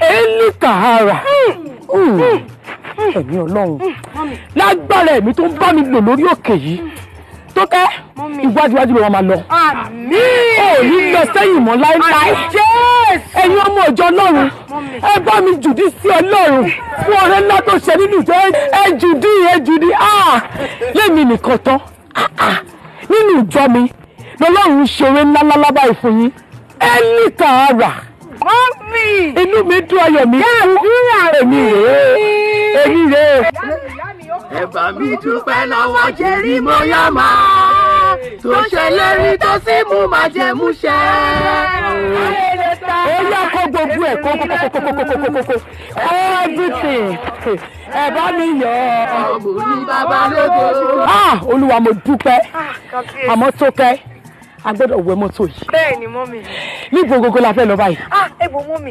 eli kahara hmm. hmm. hmm. ẹ̀mí ọlọ́run lágbára ẹ̀mí tó ń bá mi lò lórí òkè yìí tó kẹ́ ìwádìíwájú ló wọ́n máa lọ. ó ní lọ sẹ́yìn mọ́ láéláé ẹ̀yin ọmọ ìjọ ọlọ́run ẹ bá mi jùdí sí ọlọ́run fún ọ̀rẹ́ ńlá tó ṣe nínú ìjọ ẹ jùdí ẹ jùdí ah! lèmi nìkan tán ah, ah. nínú ìjọ mi lọ́lọ́run ṣeré ńlá lálábàá ìfún yín eli kahara inú mi dùn ayọ̀ mi kú èmi rèé èmi rèé. ẹ mi dúpẹ́ lọ́wọ́ jẹ́rí mo yá máa tó tó sì mú máa jẹ mú ṣẹ. ó gbogbo ẹ̀ kó everything ẹ bá mi yọ̀ ọ́. ọmọ mi bàbá lógo. Ah, olúwa mo dúpẹ́ ah, àmọ́ tó kẹ́ a gbọ́dọ̀ wẹ mọ́tò yìí. bẹ́ẹ̀ ni mọ́mì. ní gbogbogbò la fẹ́ lọ báyìí. ah ebo mọ́mì